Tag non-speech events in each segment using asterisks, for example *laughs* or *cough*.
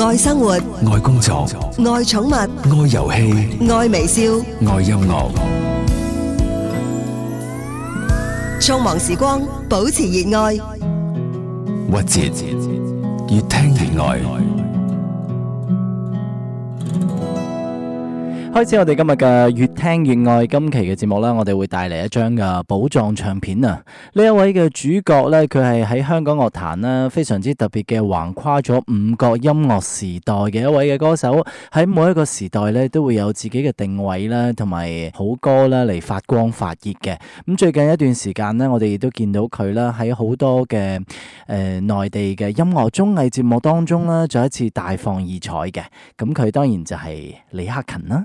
愛生活，愛工作，愛寵物，愛遊戲，愛微笑，愛音樂。匆忙時光，保持熱愛，曲折，越聽越愛。開始我哋今日嘅越聽越愛今期嘅節目啦，我哋會帶嚟一張嘅寶藏唱片啊！呢一位嘅主角呢，佢係喺香港樂壇啦，非常之特別嘅橫跨咗五國音樂時代嘅一位嘅歌手。喺每一個時代呢，都會有自己嘅定位啦，同埋好歌啦嚟發光發熱嘅。咁最近一段時間呢，我哋亦都見到佢啦，喺好多嘅誒、呃、內地嘅音樂綜藝節目當中呢，再一次大放異彩嘅。咁佢當然就係李克勤啦。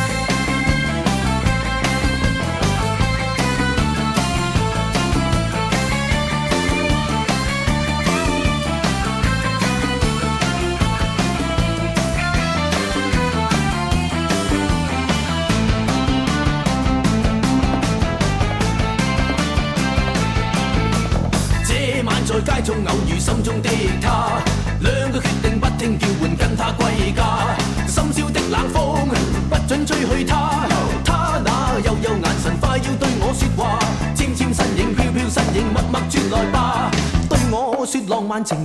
李克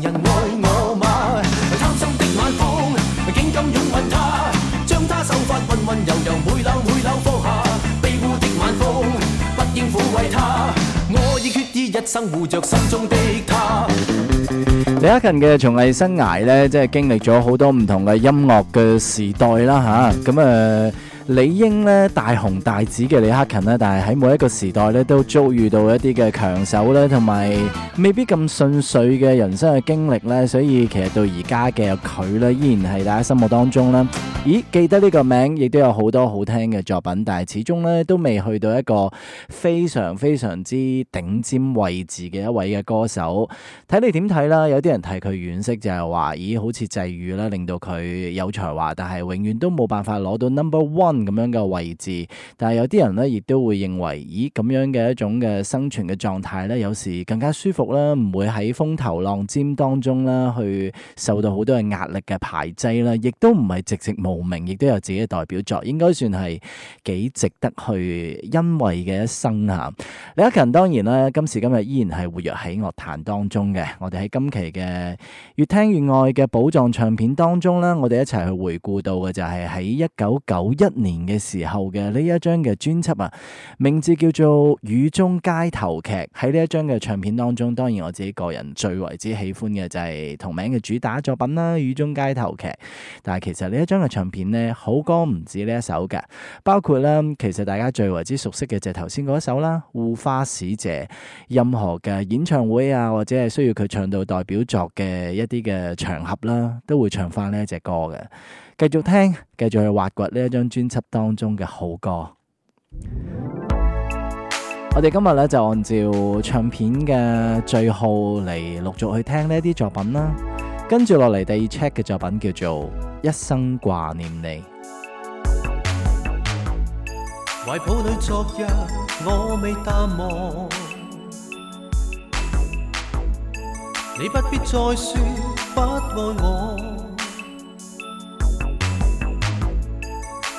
勤嘅從藝生涯呢，即係經歷咗好多唔同嘅音樂嘅時代啦，吓咁誒。理應咧大紅大紫嘅李克勤咧，但係喺每一個時代咧都遭遇到一啲嘅強手咧，同埋未必咁順遂嘅人生嘅經歷咧，所以其實到而家嘅佢咧，依然係大家心目當中咧，咦記得呢個名，亦都有好多好聽嘅作品，但係始終咧都未去到一個非常非常之頂尖位置嘅一位嘅歌手。睇你點睇啦？有啲人提佢惋惜，就係話咦好似際遇啦，令到佢有才華，但係永遠都冇辦法攞到 Number One。咁樣嘅位置，但係有啲人咧，亦都會認為，咦，咁樣嘅一種嘅生存嘅狀態咧，有時更加舒服啦，唔會喺風頭浪尖當中啦，去受到好多嘅壓力嘅排擠啦，亦都唔係寂寂無名，亦都有自己嘅代表作，應該算係幾值得去欣慰嘅一生吓。李克勤當然啦，今時今日依然係活躍喺樂壇當中嘅。我哋喺今期嘅越聽越愛嘅寶藏唱片當中咧，我哋一齊去回顧到嘅就係喺一九九一年。年嘅時候嘅呢一張嘅專輯啊，名字叫做《雨中街頭劇》。喺呢一張嘅唱片當中，當然我自己個人最為之喜歡嘅就係同名嘅主打作品啦，《雨中街頭劇》。但係其實呢一張嘅唱片呢，好歌唔止呢一首嘅，包括咧，其實大家最為之熟悉嘅就係頭先嗰一首啦，《護花使者》。任何嘅演唱會啊，或者係需要佢唱到代表作嘅一啲嘅場合啦，都會唱翻呢一隻歌嘅。繼續聽，繼續去挖掘呢一張專輯當中嘅好歌。我哋今日咧就按照唱片嘅序號嚟陸續去聽呢啲作品啦。跟住落嚟第二隻嘅作品叫做《一生掛念你》。懷抱裏昨日我未淡忘，你不必再說不愛我。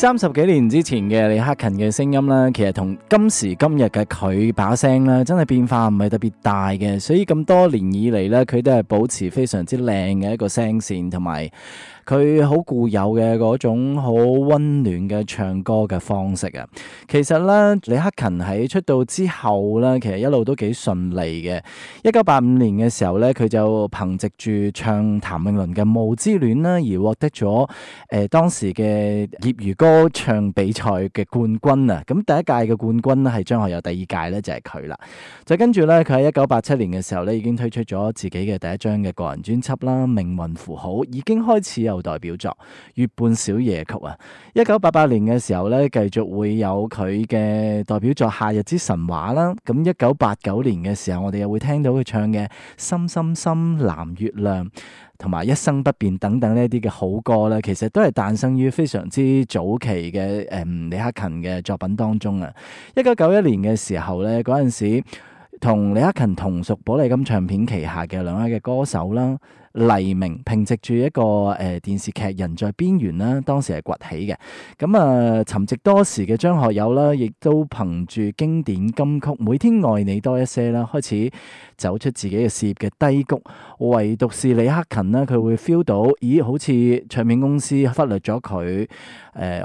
三十幾年之前嘅李克勤嘅聲音呢，其實同今時今日嘅佢把聲呢，真係變化唔係特別大嘅，所以咁多年以嚟呢，佢都係保持非常之靚嘅一個聲線同埋，佢好固有嘅種好溫暖嘅唱歌嘅方式啊！其實咧，李克勤喺出道之後咧，其實一路都幾順利嘅。一九八五年嘅時候咧，佢就憑借住唱譚詠麟嘅《霧之戀》啦而獲得咗誒、呃、當時嘅業餘歌唱比賽嘅冠軍啊！咁第一屆嘅冠軍咧係張學友，第二屆咧就係佢啦。就跟住咧，佢喺一九八七年嘅時候咧，已經推出咗自己嘅第一張嘅個人專輯啦，《命運符號》已經開始有代表作《月半小夜曲》啊，一九八八年嘅時候咧，繼續會有佢嘅代表作《夏日之神話》啦。咁一九八九年嘅時候，我哋又會聽到佢唱嘅《深深深藍月亮》同埋《一生不變》等等呢一啲嘅好歌啦。其實都係誕生於非常之早期嘅誒李克勤嘅作品當中啊。一九九一年嘅時候咧，嗰陣時同李克勤同屬寶麗金唱片旗下嘅兩位嘅歌手啦。黎明憑住一個誒、呃、電視劇《人在邊緣》啦，當時係崛起嘅。咁啊，沉、呃、寂多時嘅張學友啦，亦都憑住經典金曲《每天愛你多一些》啦，開始走出自己嘅事業嘅低谷。唯獨是李克勤啦，佢會 feel 到，咦，好似唱片公司忽略咗佢誒，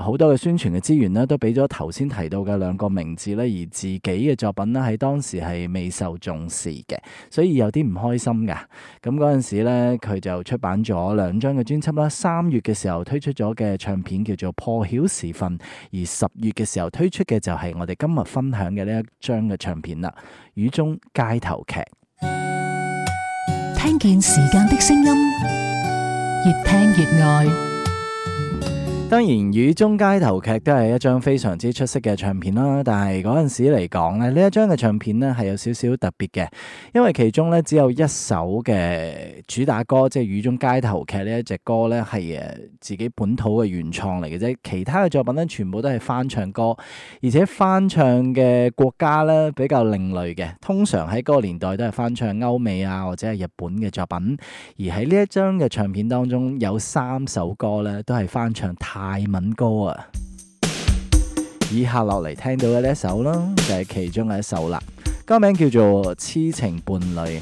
好、呃、多嘅宣傳嘅資源咧，都俾咗頭先提到嘅兩個名字咧，而自己嘅作品咧喺當時係未受重視嘅，所以有啲唔開心㗎。咁嗰陣時呢佢就出版咗兩張嘅專輯啦，三月嘅時候推出咗嘅唱片叫做《破曉時分》，而十月嘅時候推出嘅就係我哋今日分享嘅呢一張嘅唱片啦，《雨中街頭劇》，聽見時間的聲音，越聽越愛。當然《雨中街頭劇》都係一張非常之出色嘅唱片啦，但係嗰陣時嚟講咧，呢一張嘅唱片咧係有少少特別嘅，因為其中呢，只有一首嘅主打歌，即係《雨中街頭劇》呢一隻歌呢，係誒自己本土嘅原創嚟嘅啫，其他嘅作品呢，全部都係翻唱歌，而且翻唱嘅國家呢，比較另類嘅，通常喺嗰個年代都係翻唱歐美啊或者係日本嘅作品，而喺呢一張嘅唱片當中有三首歌呢，都係翻唱泰文歌啊，以下落嚟聽到嘅呢一首啦，就係其中嘅一首啦。歌名叫做《痴情伴侶》。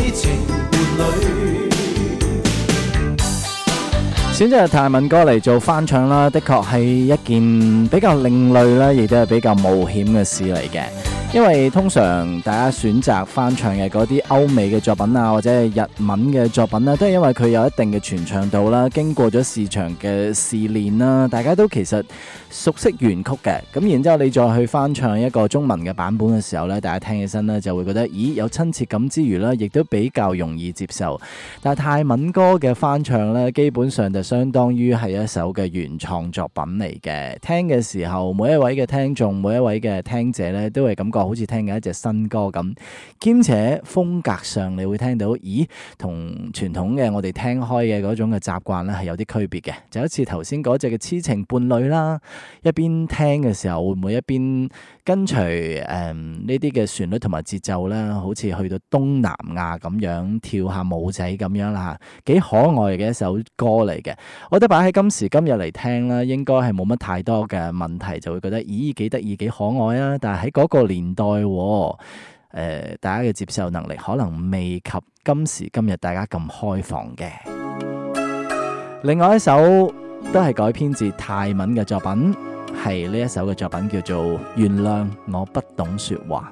選擇泰文歌嚟做翻唱啦，的確係一件比較另類啦，亦都係比較冒險嘅事嚟嘅。因為通常大家選擇翻唱嘅啲歐美嘅作品啊，或者係日文嘅作品咧，都係因為佢有一定嘅傳唱度啦，經過咗市場嘅試練啦，大家都其實熟悉原曲嘅。咁然之後你再去翻唱一個中文嘅版本嘅時候咧，大家聽起身咧就會覺得，咦，有親切感之餘咧，亦都比較容易接受。但係泰文歌嘅翻唱咧，基本上就相當於係一首嘅原創作品嚟嘅。聽嘅時候，每一位嘅聽眾，每一位嘅聽、聽者咧，都會感覺。好似聽嘅一隻新歌咁，兼且風格上，你會聽到，咦，同傳統嘅我哋聽開嘅嗰種嘅習慣咧，係有啲區別嘅。就好似頭先嗰隻嘅《痴情伴侶》啦，一邊聽嘅時候，會唔會一邊跟隨誒呢啲嘅旋律同埋節奏啦？好似去到東南亞咁樣跳下舞仔咁樣啦吓幾可愛嘅一首歌嚟嘅。我覺得擺喺今時今日嚟聽啦，應該係冇乜太多嘅問題，就會覺得咦，幾得意，幾可愛啊！但係喺嗰個年，年代誒，大家嘅接受能力可能未及今時今日大家咁開放嘅。另外一首都係改編自泰文嘅作品，係呢一首嘅作品叫做《原諒我不懂說話》。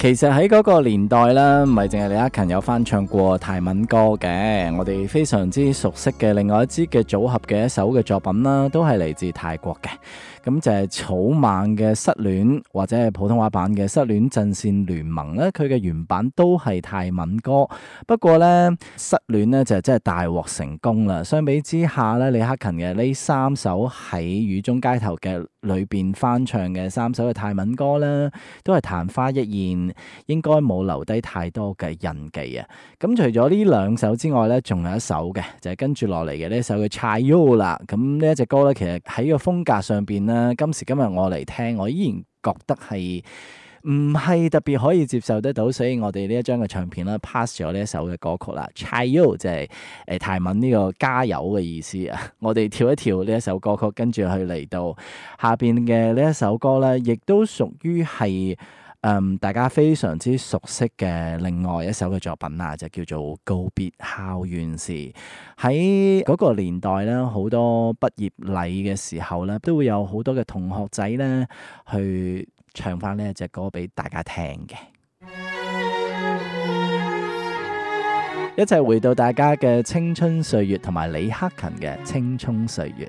其實喺嗰個年代咧，唔係淨係李克勤有翻唱過泰文歌嘅，我哋非常之熟悉嘅另外一支嘅組合嘅一首嘅作品啦，都係嚟自泰國嘅。咁就係草蜢嘅《失戀》或者係普通話版嘅《失戀陣線聯盟》咧。佢嘅原版都係泰文歌，不過咧，《失戀》咧就真係大獲成功啦。相比之下咧，李克勤嘅呢三首喺《雨中街頭》嘅裏邊翻唱嘅三首嘅泰文歌咧，都係曇花一現，應該冇留低太多嘅印記啊。咁除咗呢兩首之外咧，仲有一首嘅，就係跟住落嚟嘅呢首嘅《Cha Yo》啦。咁呢一隻歌咧，其實喺個風格上邊咧。今時今日我嚟聽，我依然覺得係唔係特別可以接受得到，所以我哋呢一張嘅唱片咧 pass 咗呢一首嘅歌曲啦。Chaiyo 就係、是、誒、呃、泰文呢個加油嘅意思啊！ *laughs* 我哋跳一跳呢一首歌曲，跟住去嚟到下面嘅呢一首歌咧，亦都屬於係。嗯，大家非常之熟悉嘅另外一首嘅作品啊，就叫做《告別校園時》。喺嗰個年代咧，好多畢業禮嘅時候咧，都會有好多嘅同學仔咧去唱翻呢隻歌俾大家聽嘅。一齊回到大家嘅青春歲月，同埋李克勤嘅青春歲月。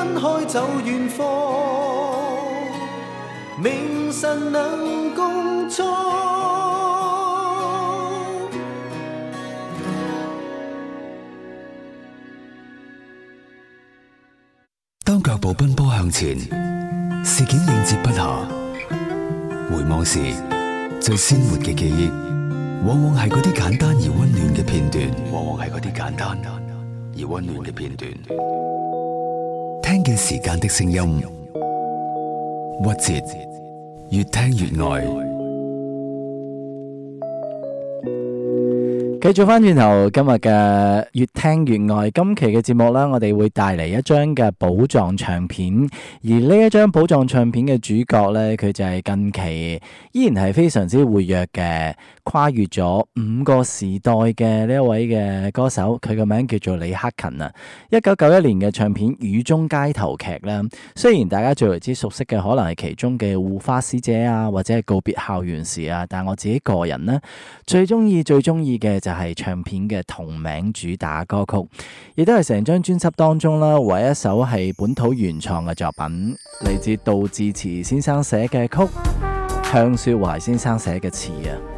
分開走遠方，明晨能共錯。當腳步奔波向前，事件應接不下，回望時，最鮮活嘅記憶，往往係嗰啲簡單而溫暖嘅片段，往往係啲簡單而溫暖嘅片段。往往聽見時間的聲音，越聽越愛。繼續翻轉頭，今日嘅越聽越愛，今期嘅節目呢，我哋會帶嚟一張嘅寶藏唱片。而呢一張寶藏唱片嘅主角呢，佢就係近期依然係非常之活躍嘅。跨越咗五個時代嘅呢一位嘅歌手，佢嘅名叫做李克勤啊。一九九一年嘅唱片《雨中街頭劇》咧，雖然大家最為之熟悉嘅可能係其中嘅《護花使者》啊，或者係《告別校園時》啊，但我自己個人呢，最中意、最中意嘅就係唱片嘅同名主打歌曲，亦都係成張專輯當中啦唯一一首係本土原創嘅作品，嚟自杜自持先生寫嘅曲，向雪懷先生寫嘅詞啊。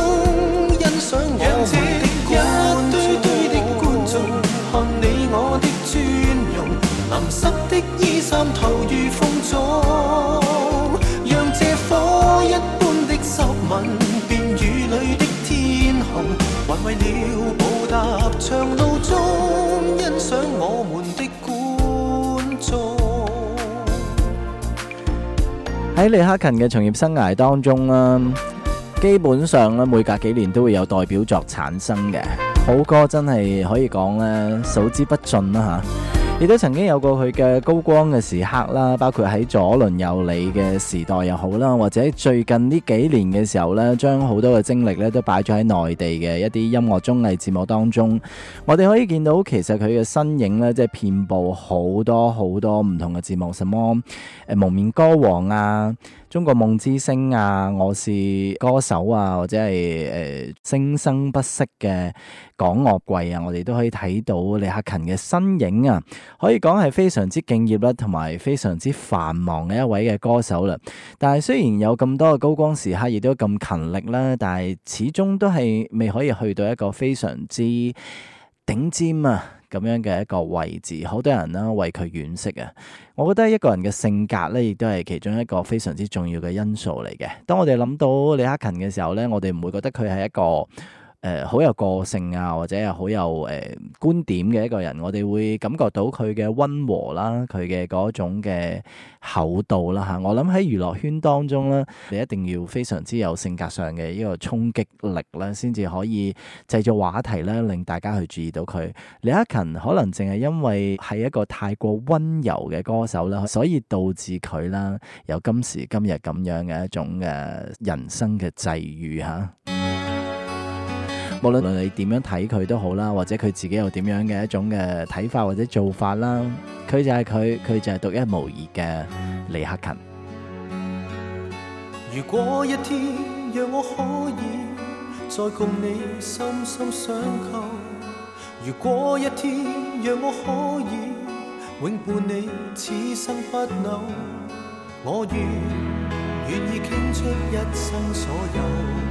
喺李克勤嘅從業生涯當中，基本上每隔幾年都會有代表作產生嘅，好歌真係可以講咧數之不盡啦吓。亦都曾經有過佢嘅高光嘅時刻啦，包括喺左鄰右里嘅時代又好啦，或者最近呢幾年嘅時候呢，將好多嘅精力呢都擺咗喺內地嘅一啲音樂綜藝節目當中。我哋可以見到，其實佢嘅身影呢，即係遍佈好多好多唔同嘅節目，什麼誒、蒙面歌王啊。《中國夢之聲》啊，《我是歌手》啊，或者係誒《聲生不息》嘅港樂季啊，我哋都可以睇到李克勤嘅身影啊。可以講係非常之敬業啦，同埋非常之繁忙嘅一位嘅歌手啦。但係雖然有咁多嘅高光時刻，亦都咁勤力啦，但係始終都係未可以去到一個非常之頂尖啊。咁樣嘅一個位置，好多人啦，為佢惋惜啊！我覺得一個人嘅性格咧，亦都係其中一個非常之重要嘅因素嚟嘅。當我哋諗到李克勤嘅時候咧，我哋唔會覺得佢係一個，好、呃、有個性啊，或者好有誒、呃、觀點嘅一個人，我哋會感覺到佢嘅溫和啦，佢嘅嗰種嘅厚道啦吓。我諗喺娛樂圈當中咧，你一定要非常之有性格上嘅呢個衝擊力啦，先至可以製造話題咧，令大家去注意到佢。李克勤可能淨係因為係一個太過溫柔嘅歌手啦，所以導致佢啦有今時今日咁樣嘅一種嘅、啊、人生嘅際遇、啊。無論你點樣睇，佢都好啦，或者佢自己又點樣嘅一種嘅睇法或者做法啦，佢就係佢，佢就係獨一無二嘅李克勤。如果一天，讓我可以再共你深深相扣；如果一天，讓我可以永伴你此生不朽，我願願意傾出一生所有。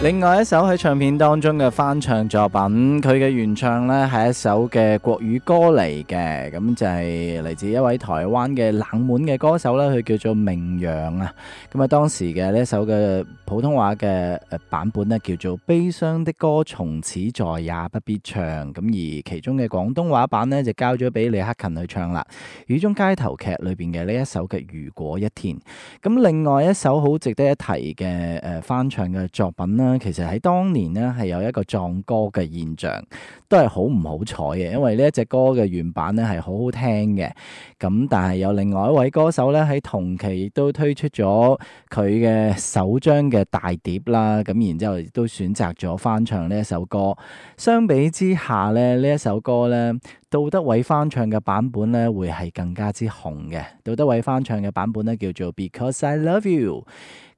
另外一首喺唱片當中嘅翻唱作品，佢嘅原唱咧係一首嘅國語歌嚟嘅，咁就係嚟自一位台灣嘅冷門嘅歌手啦，佢叫做明揚啊。咁啊，當時嘅呢一首嘅普通話嘅誒版本咧叫做《悲傷的歌從此再也不必唱》，咁而其中嘅廣東話版咧就交咗俾李克勤去唱啦，《雨中街頭劇》裏邊嘅呢一首嘅《如果一天》，咁另外一首好值得一提嘅誒翻唱嘅作品咧。其實喺當年呢，係有一個撞歌嘅現象，都係好唔好彩嘅，因為呢一隻歌嘅原版呢係好好聽嘅，咁但係有另外一位歌手呢，喺同期亦都推出咗佢嘅首張嘅大碟啦，咁然之後亦都選擇咗翻唱呢一首歌。相比之下呢，呢一首歌呢，杜德偉翻唱嘅版本呢會係更加之紅嘅。杜德偉翻唱嘅版本呢叫做 Because I Love You，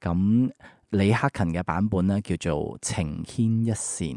咁。李克勤嘅版本咧，叫做《情牽一線》。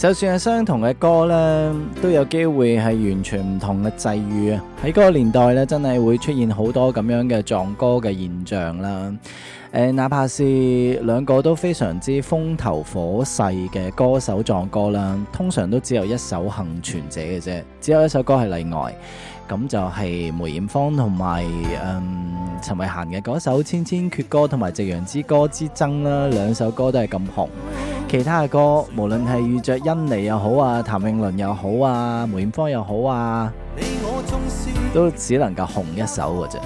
就算係相同嘅歌呢，都有機會係完全唔同嘅際遇啊！喺嗰個年代呢，真係會出現好多咁樣嘅撞歌嘅現象啦。誒、呃，哪怕是兩個都非常之風頭火勢嘅歌手撞歌啦，通常都只有一首幸存者嘅啫，只有一首歌係例外。咁就係梅艷芳同埋嗯，陳慧嫻嘅嗰首《千千闕歌》同埋《夕陽之歌》之爭啦，兩首歌都係咁紅。其他嘅歌無論係遇着恩妮又好啊，譚詠麟又好啊，梅艷芳又好啊，都只能夠紅一首嘅啫。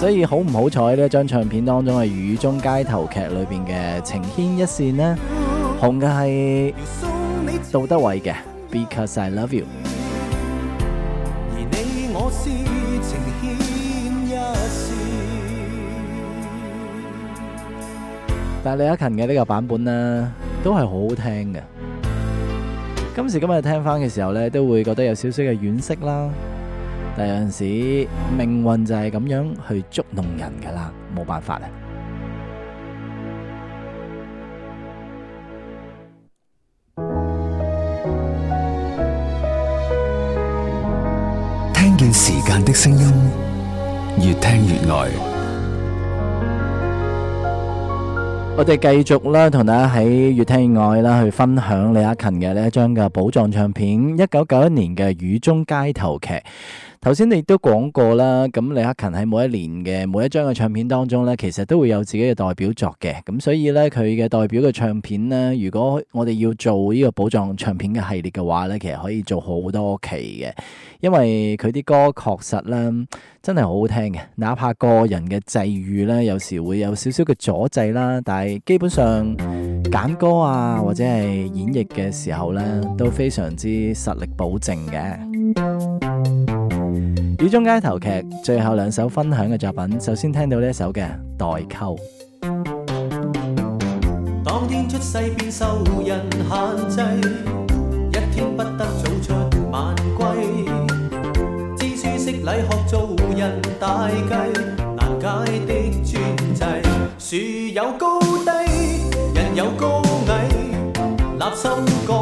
所以好唔好彩呢張唱片當中係《雨中街頭劇》劇裏邊嘅《情牽一線》呢，紅嘅係杜德偉嘅《Because I Love You》。但係李克勤嘅呢個版本咧，都係好好聽嘅。今時今日聽翻嘅時候咧，都會覺得有少少嘅惋惜啦。但係有陣時命運就係咁樣去捉弄人噶啦，冇辦法啊！聽見時間的聲音，越聽越愛。我哋繼續啦，同大家喺越聽越愛啦，去分享李克勤嘅呢一張嘅寶藏唱片，一九九一年嘅《雨中街頭劇》。頭先你都講過啦，咁李克勤喺每一年嘅每一張嘅唱片當中咧，其實都會有自己嘅代表作嘅。咁所以咧，佢嘅代表嘅唱片咧，如果我哋要做呢個寶藏唱片嘅系列嘅話咧，其實可以做好多期嘅，因為佢啲歌確實咧真係好好聽嘅。哪怕個人嘅際遇咧，有時會有少少嘅阻滯啦，但係基本上揀歌啊或者係演繹嘅時候咧，都非常之實力保證嘅。雨中街頭劇最後兩首分享嘅作品，首先聽到呢一首嘅代溝。當天出世便受人限制，一天不得早出晚歸，知書識禮學做人大計，難解的專制。樹有高低，人有高矮，立心改。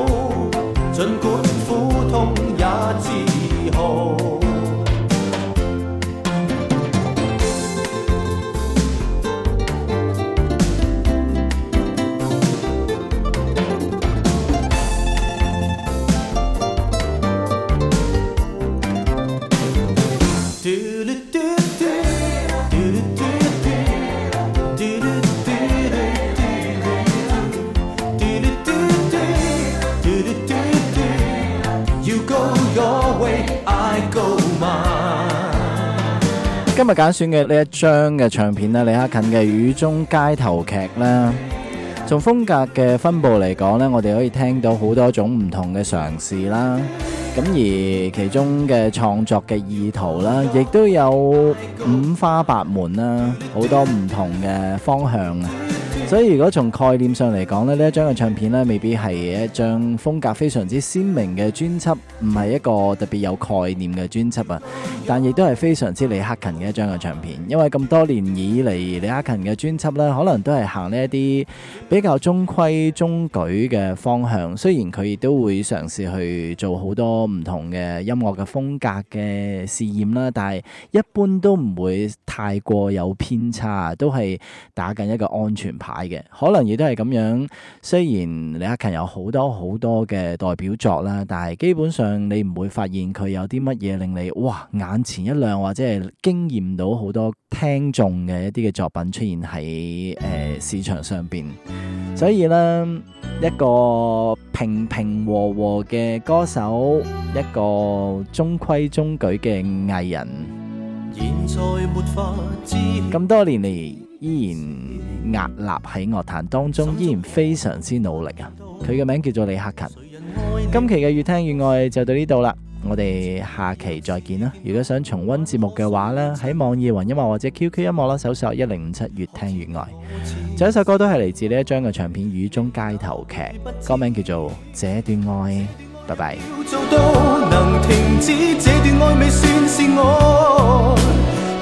揀選嘅呢一張嘅唱片咧，李克勤嘅《雨中街頭劇》咧，從風格嘅分布嚟講呢，我哋可以聽到好多種唔同嘅嘗試啦。咁而其中嘅創作嘅意圖啦，亦都有五花八門啦，好多唔同嘅方向啊。所以如果從概念上嚟講咧，呢一張嘅唱片咧，未必係一張風格非常之鮮明嘅專輯，唔係一個特別有概念嘅專輯啊。但亦都係非常之李克勤嘅一張嘅唱片，因為咁多年以嚟李克勤嘅專輯咧，可能都係行呢一啲比較中規中矩嘅方向。雖然佢亦都會嘗試去做好多唔同嘅音樂嘅風格嘅試驗啦，但係一般都唔會太過有偏差，都係打緊一個安全牌。嘅可能亦都係咁樣，雖然李克勤有好多好多嘅代表作啦，但係基本上你唔會發現佢有啲乜嘢令你哇眼前一亮，或者係驚艷到好多聽眾嘅一啲嘅作品出現喺誒、呃、市場上邊。所以呢，一個平平和和嘅歌手，一個中規中矩嘅藝人，咁多年嚟，依然屹立喺樂壇當中，依然非常之努力啊！佢嘅名叫做李克勤。今期嘅越聽越愛就到呢度啦，我哋下期再見啦！如果想重温節目嘅話呢，喺網易雲音樂或者 QQ 音樂啦，搜索一零五七越聽越愛。仲有一首歌都係嚟自呢一張嘅唱片《雨中街頭劇》，歌名叫做《這段愛》。拜拜。